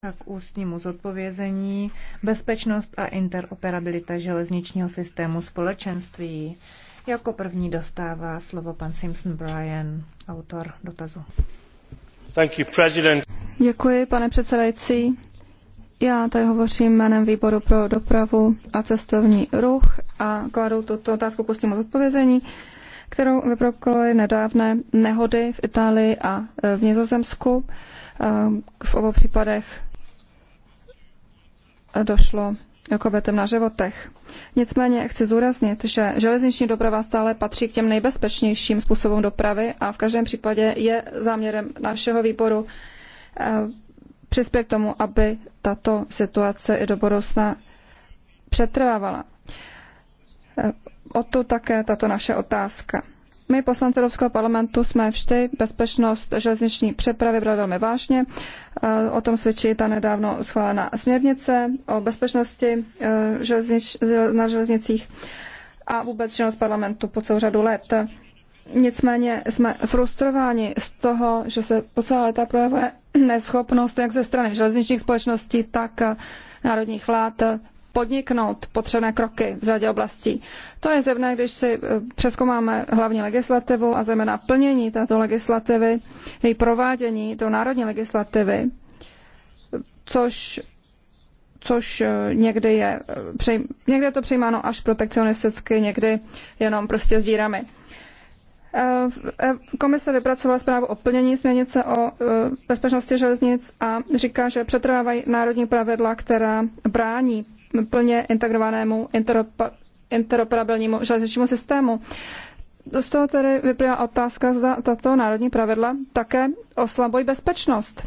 k ústnímu zodpovězení bezpečnost a interoperabilita železničního systému společenství. Jako první dostává slovo pan Simpson Bryan, autor dotazu. Thank you, president. Děkuji, pane předsedající. Já tady hovořím jménem výboru pro dopravu a cestovní ruch a kladu tuto otázku k ústnímu zodpovězení kterou vyprokoly nedávné nehody v Itálii a v Nizozemsku. Eh, v obou případech došlo k obětem na životech. Nicméně chci zdůraznit, že železniční doprava stále patří k těm nejbezpečnějším způsobům dopravy a v každém případě je záměrem našeho výboru eh, přispět k tomu, aby tato situace i do budoucna přetrvávala. Eh, o to také tato naše otázka. My, poslanci Evropského parlamentu, jsme vždy bezpečnost železniční přepravy brali velmi vážně. Eh, o tom svědčí ta nedávno schválená směrnice o bezpečnosti eh, na železnicích a vůbec činnost parlamentu po celou řadu let. Nicméně jsme frustrováni z toho, že se po celá léta projevuje neschopnost jak ze strany železničních společností, tak eh, národních vlád podniknout potřebné kroky v řadě oblastí. To je zevné, když si eh, přeskoumáme hlavní legislativu a zejména plnění této legislativy, její provádění do národní legislativy, což což eh, někdy je, eh, někdy je to přijímáno až protekcionisticky, někdy jenom prostě s dírami. Komise vypracovala zprávu o plnění směrnice o bezpečnosti železnic a říká, že přetrvávají národní pravidla, která brání plně integrovanému interoperabilnímu železničnímu systému. Z toho tedy vyplývá otázka, zda tato národní pravidla také oslabují bezpečnost.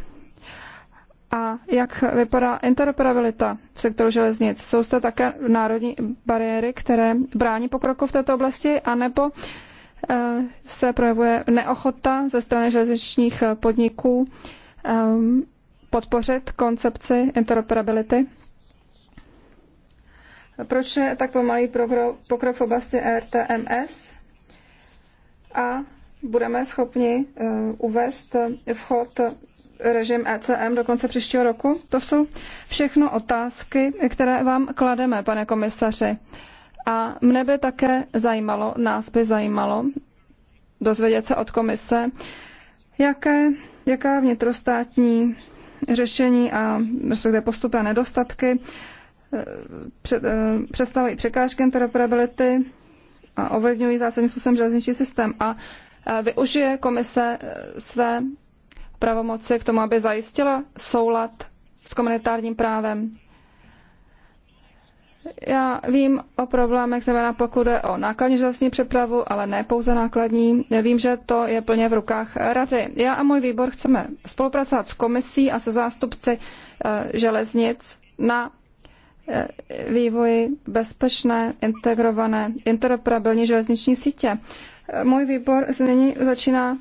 A jak vypadá interoperabilita v sektoru železnic? Jsou zde také národní bariéry, které brání pokroku v této oblasti, anebo eh, se projevuje neochota ze strany železničních podniků ehm, podpořit koncepci interoperability? Proč je tak pomalý pokrok v oblasti RTMS? A budeme schopni eh, uvést vchod režim ECM do konce příštího roku? To jsou všechno otázky, které vám klademe, pane komisaři. A mne by také zajímalo, nás by zajímalo, dozvědět se od komise, jaké, jaká vnitrostátní řešení a respektive postupy a nedostatky Eh, představují překážky interoperability a ovlivňují zásadním způsobem železniční systém. A eh, využije komise eh, své pravomoci k tomu, aby zajistila soulad s komunitárním právem. Já vím o problémech, znamená pokud jde o nákladní železniční přepravu, ale ne pouze nákladní. Vím, že to je plně v rukách rady. Já a můj výbor chceme spolupracovat s komisí a se zástupci železnic na Eh, vývoji bezpečné, integrované, interoperabilní železniční sítě. Eh, můj výbor nyní začíná,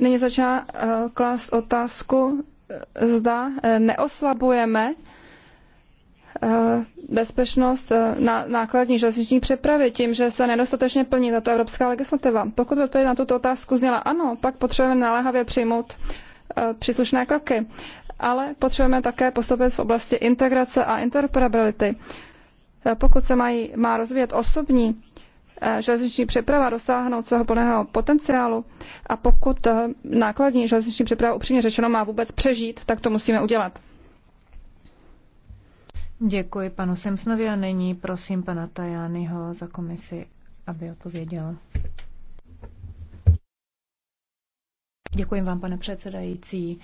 nyní začíná eh, klást otázku, zda neoslabujeme bezpečnost na nákladní železniční přepravy tím, že se nedostatečně plní tato evropská legislativa. Pokud odpověď na tuto otázku zněla ano, pak potřebujeme naléhavě přijmout příslušné kroky ale potřebujeme také postupovat v oblasti integrace a interoperability. Eh, pokud se mají, má rozvíjet osobní eh, železniční přeprava dosáhnout svého plného potenciálu a pokud eh, nákladní železniční přeprava upřímně řečeno má vůbec přežít, tak to musíme udělat. Děkuji panu Semsnovi a nyní prosím pana Tajányho za komisi, aby odpověděl. Děkuji vám, pane předsedající.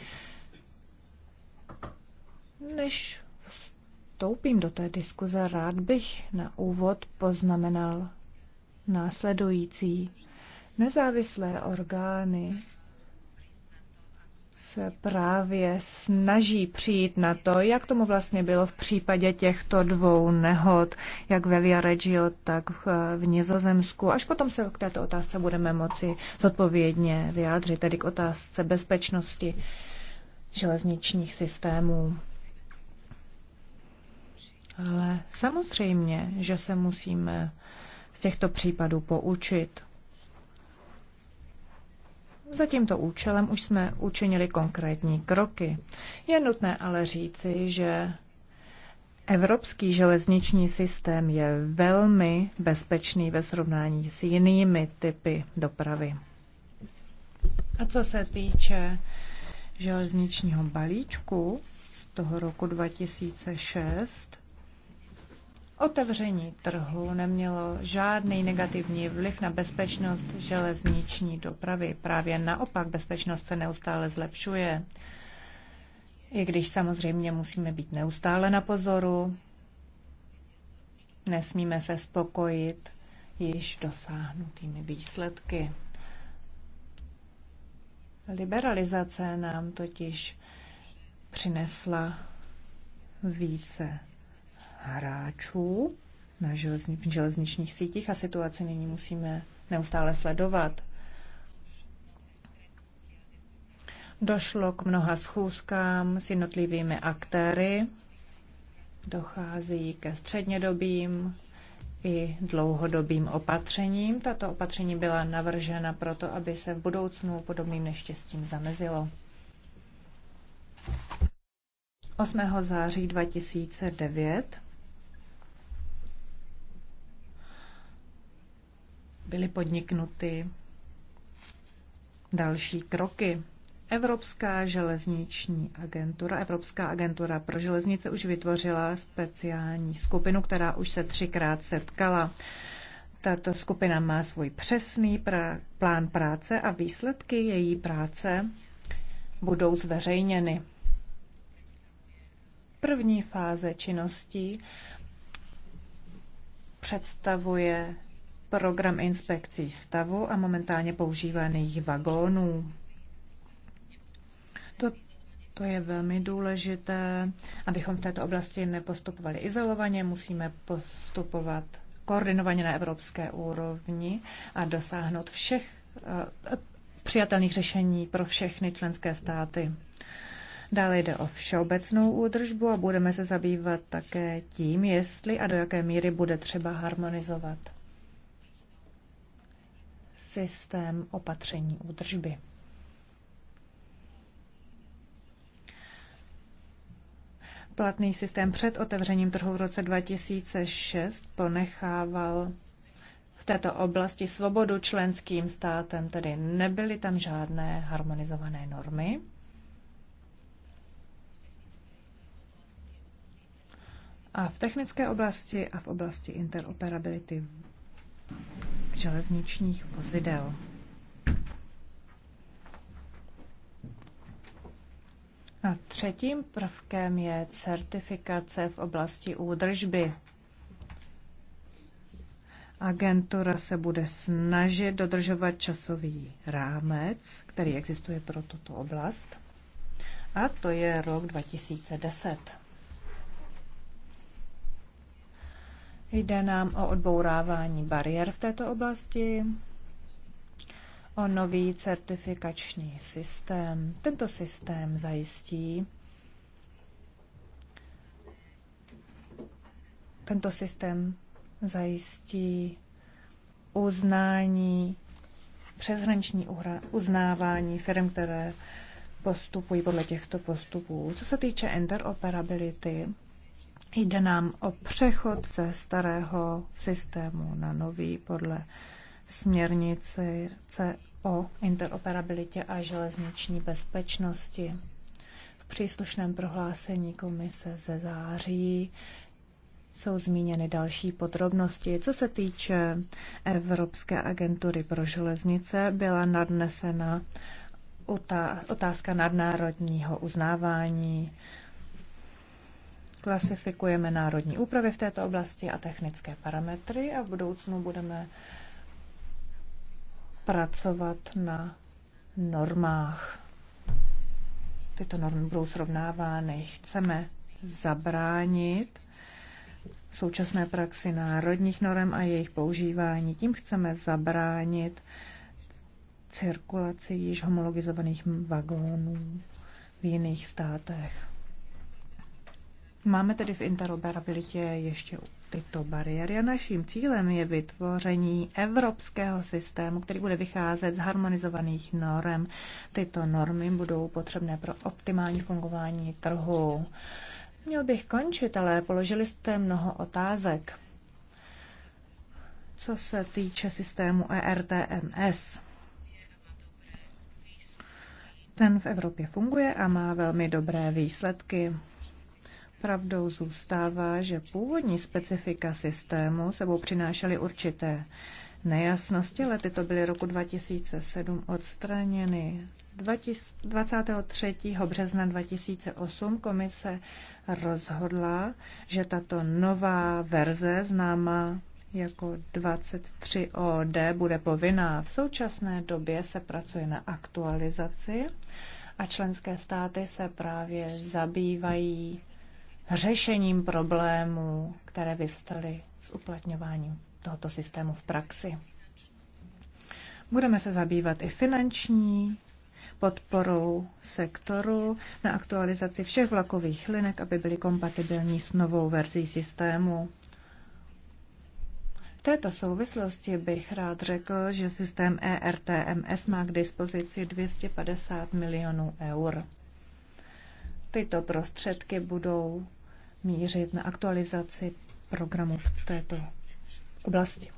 Než vstoupím do té diskuze, rád bych na úvod poznamenal následující. Nezávislé orgány se právě snaží přijít na to, jak tomu vlastně bylo v případě těchto dvou nehod, jak ve Via Regio, tak eh, v Nizozemsku. Až potom se k této otázce budeme moci zodpovědně vyjádřit, tedy k otázce bezpečnosti železničních systémů. Ale samozřejmě, že se musíme z těchto případů poučit. Za tímto účelem už jsme učinili konkrétní kroky. Je nutné ale říci, že evropský železniční systém je velmi bezpečný ve srovnání s jinými typy dopravy. A co se týče železničního balíčku z toho roku 2006, Otevření trhu nemělo žádný negativní vliv na bezpečnost železniční dopravy. Právě naopak bezpečnost se neustále zlepšuje. I když samozřejmě musíme být neustále na pozoru, nesmíme se spokojit již dosáhnutými výsledky. Liberalizace nám totiž přinesla více hráčů na železni, v železničních sítích a situaci nyní musíme neustále sledovat. Došlo k mnoha schůzkám s jednotlivými aktéry, dochází ke střednědobým i dlouhodobým opatřením. Tato opatření byla navržena proto, aby se v budoucnu podobným neštěstím zamezilo. 8. září 2009 byly podniknuty další kroky. Evropská železniční agentura, Evropská agentura pro železnice už vytvořila speciální skupinu, která už se třikrát setkala. Tato skupina má svůj přesný pra- plán práce a výsledky její práce budou zveřejněny. První fáze činnosti představuje program inspekcí stavu a momentálně používaných vagónů. To, to je velmi důležité, abychom v této oblasti nepostupovali izolovaně, musíme postupovat koordinovaně na evropské úrovni a dosáhnout všech eh, přijatelných řešení pro všechny členské státy. Dále jde o všeobecnou údržbu a budeme se zabývat také tím, jestli a do jaké míry bude třeba harmonizovat systém opatření údržby. Platný systém před otevřením trhu v roce 2006 ponechával v této oblasti svobodu členským státem, tedy nebyly tam žádné harmonizované normy. A v technické oblasti a v oblasti interoperability železničních vozidel. A třetím prvkem je certifikace v oblasti údržby. Agentura se bude snažit dodržovat časový rámec, který existuje pro tuto oblast. A to je rok 2010. Jde nám o odbourávání bariér v této oblasti, o nový certifikační systém. Tento systém zajistí, tento systém zajistí uznání, přeshraniční uznávání firm, které postupují podle těchto postupů. Co se týče interoperability, Jde nám o přechod ze starého systému na nový podle směrnici C o interoperabilitě a železniční bezpečnosti. V příslušném prohlášení komise ze září jsou zmíněny další podrobnosti. Co se týče Evropské agentury pro železnice, byla nadnesena otázka nadnárodního uznávání klasifikujeme národní úpravy v této oblasti a technické parametry a v budoucnu budeme pracovat na normách. Tyto normy budou srovnávány. Chceme zabránit současné praxi národních norm a jejich používání. Tím chceme zabránit cirkulaci již homologizovaných vagónů v jiných státech. Máme tedy v interoperabilitě ještě tyto bariéry a naším cílem je vytvoření evropského systému, který bude vycházet z harmonizovaných norm. Tyto normy budou potřebné pro optimální fungování trhu. Měl bych končit, ale položili jste mnoho otázek. Co se týče systému ERTMS, ten v Evropě funguje a má velmi dobré výsledky. Pravdou zůstává, že původní specifika systému sebou přinášely určité nejasnosti, ale tyto byly roku 2007 odstraněny. 23. března 2008 komise rozhodla, že tato nová verze, známá jako 23OD, bude povinná. V současné době se pracuje na aktualizaci a členské státy se právě zabývají řešením problémů, které vyvstaly s uplatňováním tohoto systému v praxi. Budeme se zabývat i finanční podporou sektoru na aktualizaci všech vlakových linek, aby byly kompatibilní s novou verzí systému. V této souvislosti bych rád řekl, že systém ERTMS má k dispozici 250 milionů eur tyto prostředky budou mířit na aktualizaci programu v této oblasti.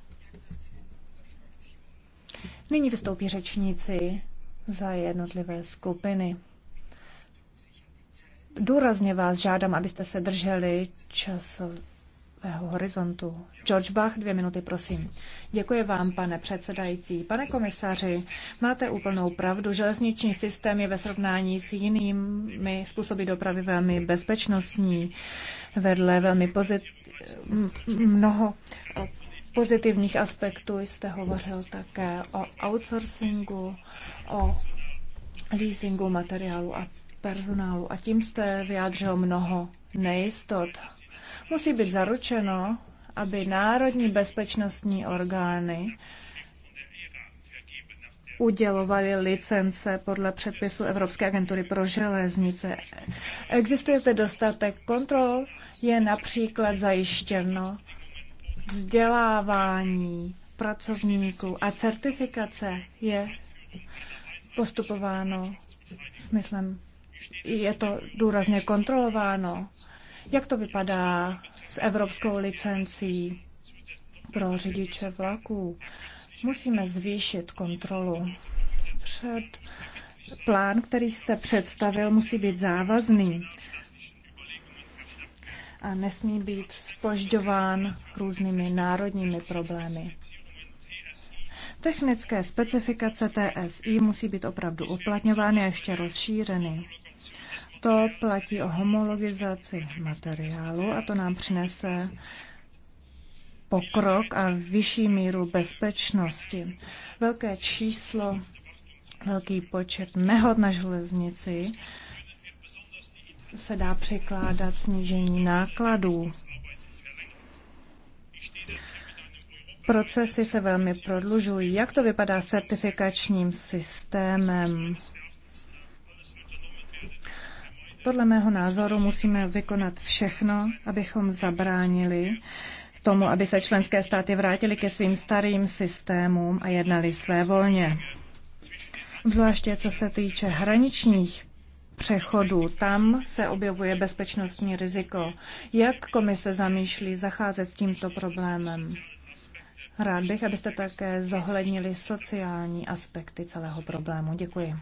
Nyní vystoupí řečníci za jednotlivé skupiny. Důrazně vás žádám, abyste se drželi časov, dlouhodobého horizontu. George Bach, dvě minuty, prosím. Děkuji vám, pane předsedající. Pane komisaři, máte úplnou pravdu. Železniční systém je ve srovnání s jinými způsoby dopravy velmi bezpečnostní, vedle velmi pozit... mnoho pozitivních aspektů. Jste hovořil také o outsourcingu, o leasingu materiálu a personálu a tím jste vyjádřil mnoho nejistot musí být zaručeno, aby národní bezpečnostní orgány udělovali licence podle předpisu Evropské agentury pro železnice. Existuje zde dostatek kontrol, je například zajištěno vzdělávání pracovníků a certifikace je postupováno smyslem. Je to důrazně kontrolováno. Jak to vypadá s evropskou licencí pro řidiče vlaků? Musíme zvýšit kontrolu. Před plán, který jste představil, musí být závazný a nesmí být spožďován různými národními problémy. Technické specifikace TSI musí být opravdu uplatňovány a ještě rozšířeny to platí o homologizaci materiálu a to nám přinese pokrok a vyšší míru bezpečnosti. Velké číslo, velký počet nehod na železnici se dá přikládat snížení nákladů. Procesy se velmi prodlužují. Jak to vypadá s certifikačním systémem? Podle mého názoru musíme vykonat všechno, abychom zabránili tomu, aby se členské státy vrátily ke svým starým systémům a jednali své volně. Zvláště co se týče hraničních přechodů, Tam se objevuje bezpečnostní riziko. Jak komise zamýšlí zacházet s tímto problémem? Rád bych, abyste také zohlednili sociální aspekty celého problému. Děkuji.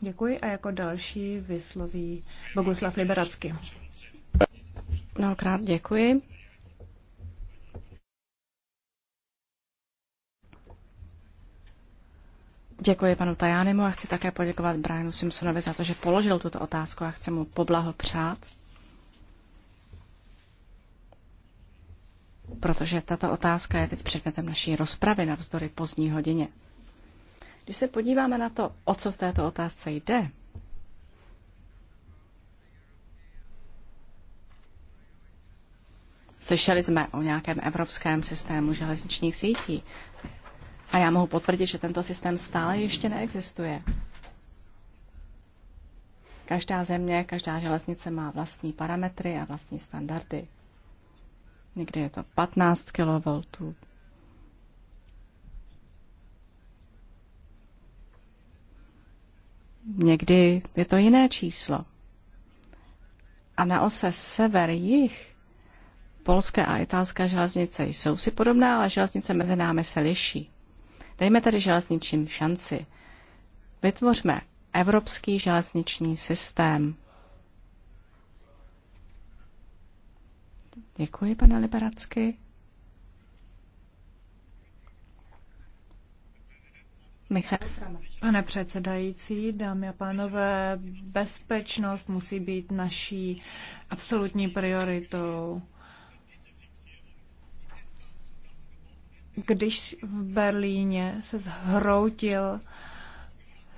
Děkuji a jako další vysloví Boguslav Liberacky. Mnohokrát děkuji. Děkuji panu Tajánimu a chci také poděkovat Brianu Simpsonovi za to, že položil tuto otázku a chci mu poblahopřát. Protože tato otázka je teď předmětem naší rozpravy vzdory pozdní hodině. Když se podíváme na to, o co v této otázce jde, Slyšeli jsme o nějakém evropském systému železničních sítí. A já mohu potvrdit, že tento systém stále ještě neexistuje. Každá země, každá železnice má vlastní parametry a vlastní standardy. Někdy je to 15 kV, Někdy je to jiné číslo. A na ose sever-jih polské a italské železnice jsou si podobné, ale železnice mezi námi se liší. Dejme tedy železničním šanci. Vytvořme evropský železniční systém. Děkuji, pane Liberacky. Pane předsedající, dámy a pánové, bezpečnost musí být naší absolutní prioritou. Když v Berlíně se zhroutil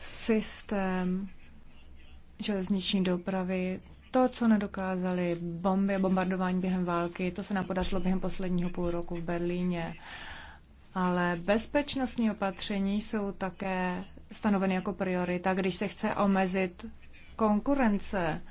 systém železniční dopravy, to, co nedokázali bomby a bombardování během války, to se nám podařilo během posledního půl roku v Berlíně. Uh, ale bezpečnostní opatření jsou také stanoveny jako priorita, když se chce omezit konkurence. Uh,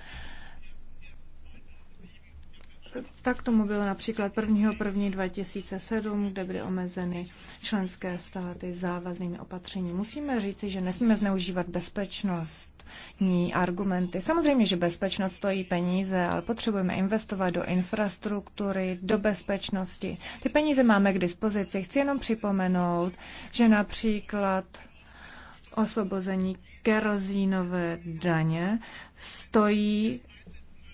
tak tomu bylo například 1.1.2007, kde byly omezeny členské státy závaznými opatření. Musíme říci, že nesmíme zneužívat bezpečnost argumenty. Samozřejmě, že bezpečnost stojí peníze, ale potřebujeme investovat do infrastruktury, do bezpečnosti. Ty peníze máme k dispozici. Chci jenom připomenout, že například osvobození kerozínové daně stojí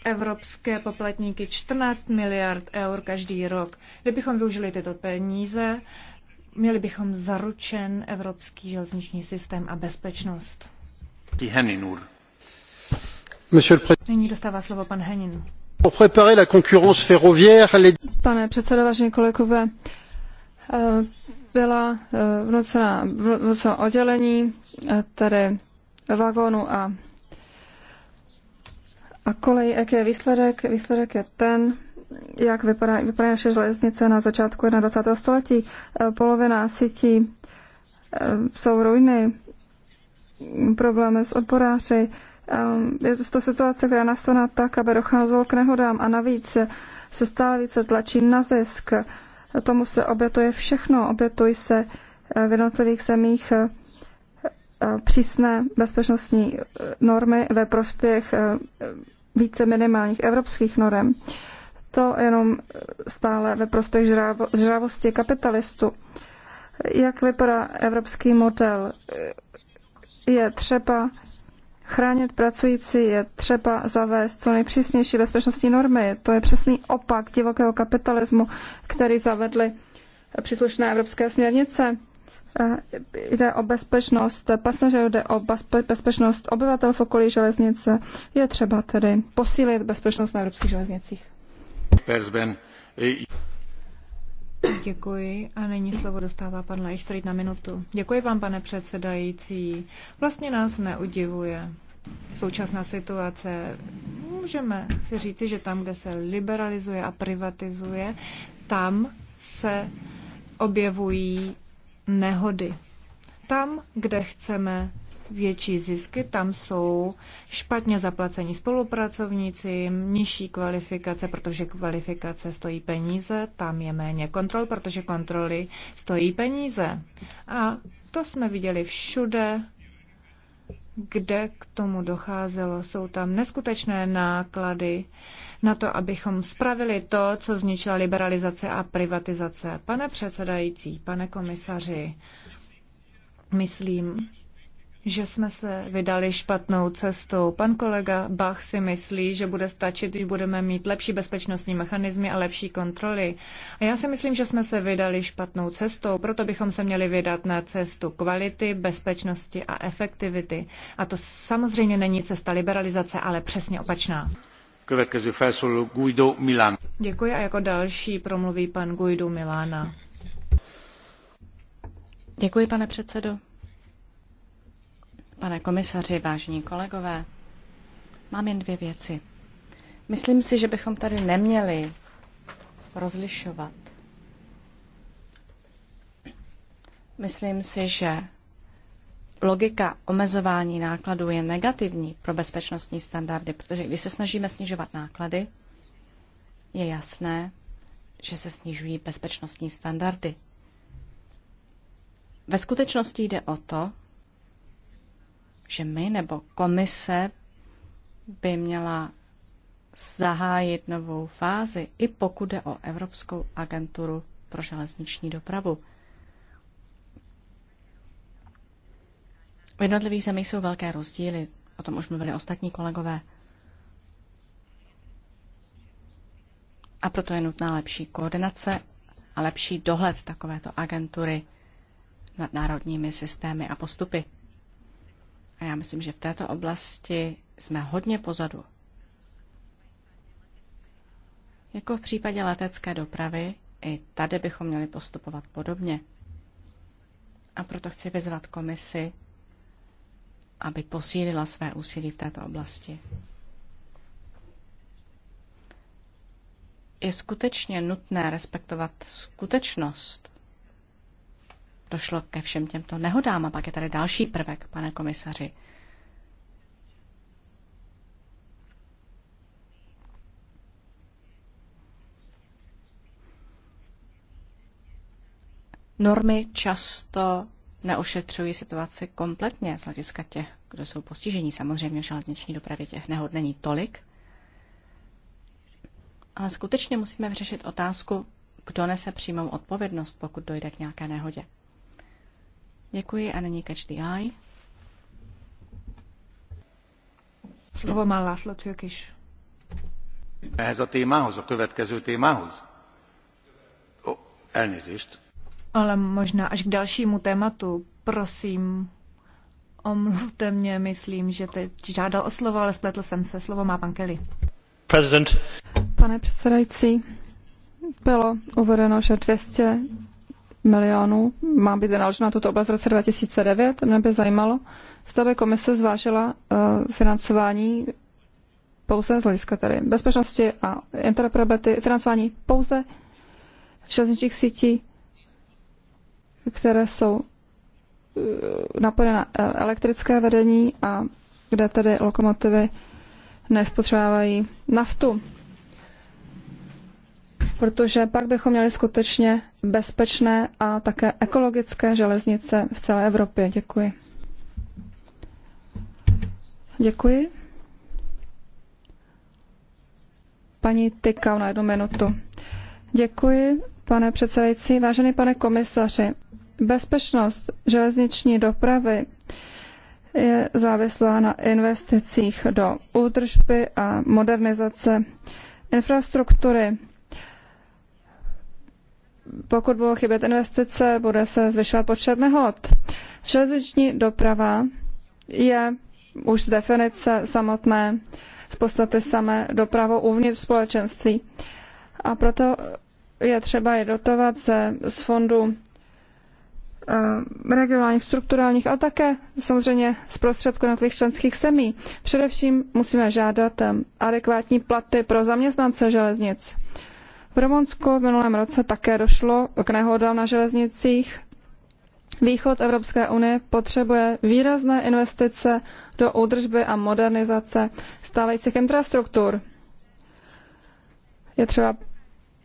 evropské poplatníky 14 miliard eur každý rok. Kdybychom využili tyto peníze, měli bychom zaručen evropský železniční systém a bezpečnost. Nyní dostává slovo pan Henin. Pane předsedo, vážení kolegové, eh, byla vnucena, eh, vnucena oddělení, eh, tedy vagónu a a kolej, jaký je výsledek? Výsledek je ten, jak vypadá, vypadá naše železnice na začátku 21. století. E, polovina sítí e, jsou ruiny, problémy s odboráři. E, je to situace, která nastane tak, aby docházelo k nehodám a navíc se stále více tlačí na zisk. Tomu se obětuje všechno. Obětují se v jednotlivých zemích přísné bezpečnostní normy ve prospěch více minimálních evropských norem. To jenom stále ve prospěch žravo, žravosti Jak vypadá evropský model? Je třeba chránit pracující, je třeba zavést co nejpřísnější bezpečnostní normy. To je přesný opak divokého kapitalismu, který zavedly příslušné evropské směrnice. Jde o bezpečnost pasažerů, jde o bezpečnost obyvatel v okolí železnice. Je třeba tedy posílit bezpečnost na evropských železnicích. Děkuji a nyní slovo dostává pan Leichtfried na minutu. Děkuji vám, pane předsedající. Vlastně nás neudivuje současná situace. Můžeme si říci, že tam, kde se liberalizuje a privatizuje, tam se objevují nehody. Tam, kde chceme větší zisky, tam jsou špatně zaplacení spolupracovníci, nižší kvalifikace, protože kvalifikace stojí peníze, tam je méně kontrol, protože kontroly stojí peníze. A to jsme viděli všude kde k tomu docházelo. Jsou tam neskutečné náklady na to, abychom spravili to, co zničila liberalizace a privatizace. Pane předsedající, pane komisaři, myslím, že jsme se vydali špatnou cestou. Pan kolega Bach si myslí, že bude stačit, když budeme mít lepší bezpečnostní mechanismy a lepší kontroly. A já si myslím, že jsme se vydali špatnou cestou, proto bychom se měli vydat na cestu kvality, bezpečnosti a efektivity. A to samozřejmě není cesta liberalizace, ale přesně opačná. Guido Milan. Děkuji a jako další promluví pan Guido Milana. Děkuji, pane předsedo. Pane komisaři, vážení kolegové, mám jen dvě věci. Myslím si, že bychom tady neměli rozlišovat. Myslím si, že logika omezování nákladů je negativní pro bezpečnostní standardy, protože když se snažíme snižovat náklady, je jasné, že se snižují bezpečnostní standardy. Ve skutečnosti jde o to, že my nebo komise by měla zahájit novou fázi, i pokud jde o Evropskou agenturu pro železniční dopravu. V jednotlivých zemích jsou velké rozdíly, o tom už mluvili ostatní kolegové. A proto je nutná lepší koordinace a lepší dohled takovéto agentury nad národními systémy a postupy. A já myslím, že v této oblasti jsme hodně pozadu. Jako v případě letecké dopravy, i tady bychom měli postupovat podobně. A proto chci vyzvat komisi, aby posílila své úsilí v této oblasti. Je skutečně nutné respektovat skutečnost, došlo ke všem těmto nehodám. A pak je tady další prvek, pane komisaři. Normy často neošetřují situaci kompletně z hlediska těch, kdo jsou postižení. Samozřejmě v železniční dopravě těch nehod není tolik, ale skutečně musíme řešit otázku, kdo nese přímou odpovědnost, pokud dojde k nějaké nehodě. Děkuji a není catch the eye. Slovo má László Tőkis. Ehhez a témához, a következő témához? O, elnézést. Ale možná až k dalšímu tématu. Prosím, omluvte mě, myslím, že teď žádal o slovo, ale spletl jsem se. Slovo má pan Kelly. President. Pane předsedající, bylo uvedeno, že 200 milionů má být vynaložena na tuto oblast v roce 2009. Mě by zajímalo, zda by komise zvážila eh, financování pouze z hlediska tedy bezpečnosti a interoperability, financování pouze železničních sítí, které jsou eh, napojené na eh, elektrické vedení a kde tedy lokomotivy nespotřebávají naftu protože pak bychom měli skutečně bezpečné a také ekologické železnice v celé Evropě. Děkuji. Děkuji. Paní Tykau na jednu minutu. Děkuji, pane předsedající. Vážený pane komisaři, bezpečnost železniční dopravy je závislá na investicích do údržby a modernizace infrastruktury pokud budou chybět investice, bude se zvyšovat počet nehod. Železniční doprava je už z definice samotné, z podstaty samé dopravou uvnitř společenství. A proto je třeba je dotovat ze, z fondu eh, regionálních, strukturálních, ale také samozřejmě z prostředků jednotlivých členských semí. Především musíme žádat eh, adekvátní platy pro zaměstnance železnic v Rumunsku v minulém roce také došlo k nehodám na železnicích. Východ Evropské unie potřebuje výrazné investice do údržby a modernizace stávajících infrastruktur. Je třeba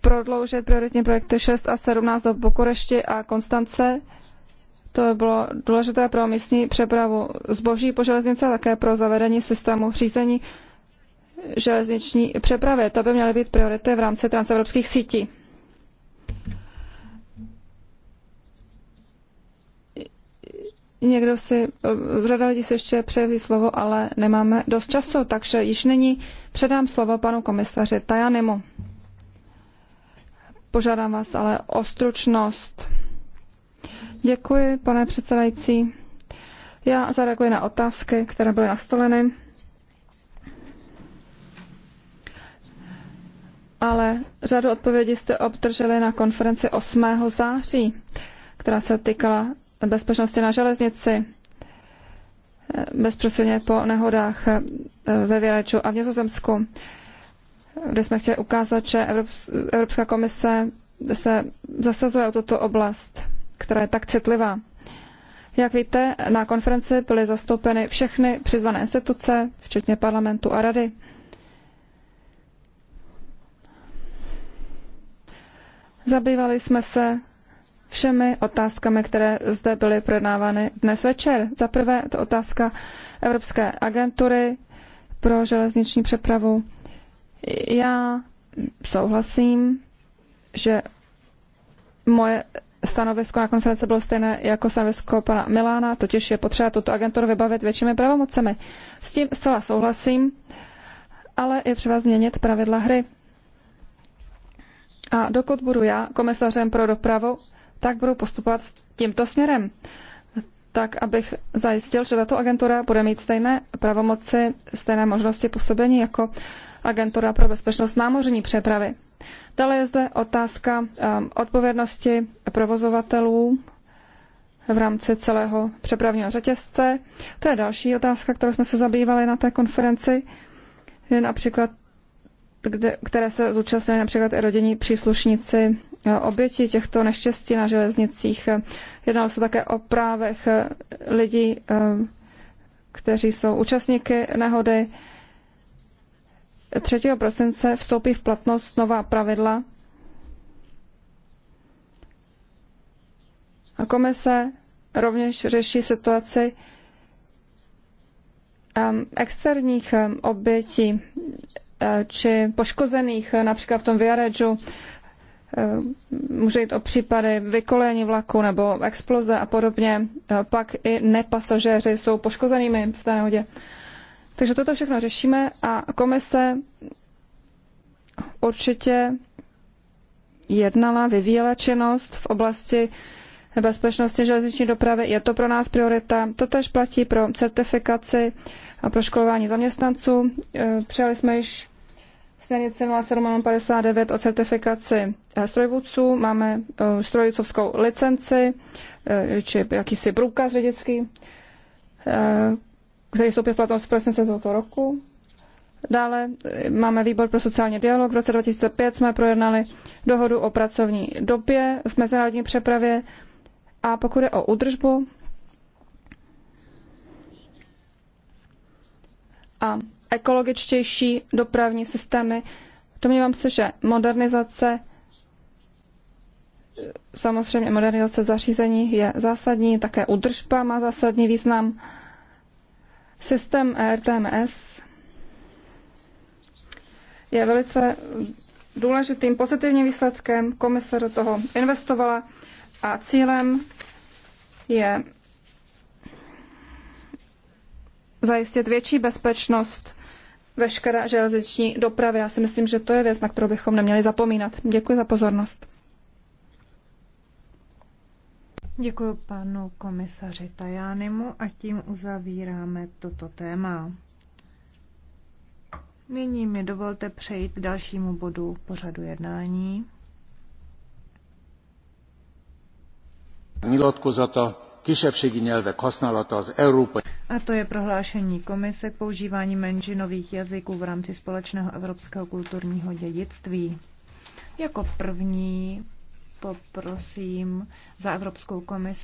prodloužit prioritní projekty 6 a 17 do Bukurešti a Konstance. To by bylo důležité pro místní přepravu zboží po železnice a také pro zavedení systému řízení železniční přepravy. To by měly být priority v rámci transevropských sítí. Někdo si, řada lidí si ještě přejezí slovo, ale nemáme dost času, takže již nyní předám slovo panu komisaři Tajanimu. Požádám vás ale o stručnost. Děkuji, pane předsedající. Já zareaguji na otázky, které byly nastoleny. ale řadu odpovědí jste obdrželi na konferenci 8. září, která se týkala bezpečnosti na železnici bezprostředně po nehodách ve Věreču a v Nězozemsku, kde jsme chtěli ukázat, že Evropská komise se zasazuje o tuto oblast, která je tak citlivá. Jak víte, na konferenci byly zastoupeny všechny přizvané instituce, včetně parlamentu a rady. Zabývali jsme se všemi otázkami, které zde byly projednávány dnes večer. Za prvé to otázka Evropské agentury pro železniční přepravu. Já souhlasím, že moje stanovisko na konferenci bylo stejné jako stanovisko pana Milána, totiž je potřeba tuto agenturu vybavit většími pravomocemi. S tím zcela souhlasím, ale je třeba změnit pravidla hry. A dokud budu já komisařem pro dopravu, tak budu postupovat tímto směrem. Tak, abych zajistil, že tato agentura bude mít stejné pravomoci, stejné možnosti působení jako agentura pro bezpečnost námořní přepravy. Dále je zde otázka um, odpovědnosti provozovatelů v rámci celého přepravního řetězce. To je další otázka, kterou jsme se zabývali na té konferenci. například kde, které se zúčastnili například i rodinní příslušníci eh, oběti těchto neštěstí na železnicích. Jednalo se také o právech eh, lidí, eh, kteří jsou účastníky nehody. 3. prosince vstoupí v platnost nová pravidla. A komise rovněž řeší situaci externích obětí Eh, či poškozených, eh, například v tom Viareggiu, eh, může jít o případy vykolení vlaku nebo exploze a podobně. Pak i nepasažéři jsou poškozenými v té nehodě. Takže toto všechno řešíme a komise určitě jednala, vyvíjela činnost v oblasti bezpečnosti železniční dopravy. Je to pro nás priorita. Totež platí pro certifikaci a proškolování zaměstnanců. E, přijali jsme již směrnici 0759 o certifikaci e, strojvůdců, máme e, strojvůdcovskou licenci, či jakýsi průkaz řidičský, který jsou platnost z prosince tohoto roku. Dále máme výbor pro sociální dialog. V roce 2005 jsme projednali dohodu o pracovní době v mezinárodní přepravě. A pokud je o údržbu, a ekologičtější dopravní systémy. Domnívám se, že modernizace samozřejmě modernizace zařízení je zásadní, také udržba má zásadní význam. Systém RTMS je velice důležitým pozitivním výsledkem. Komise do toho investovala a cílem je zajistit větší bezpečnost veškeré železniční dopravy. Já si myslím, že to je věc, na kterou bychom neměli zapomínat. Děkuji za pozornost. Děkuji panu komisaři Tajánimu a tím uzavíráme toto téma. Nyní mi dovolte přejít k dalšímu bodu pořadu jednání. Nyilatkozata a to je prohlášení komise k používání menšinových jazyků v rámci společného evropského kulturního dědictví. Jako první poprosím za Evropskou komisi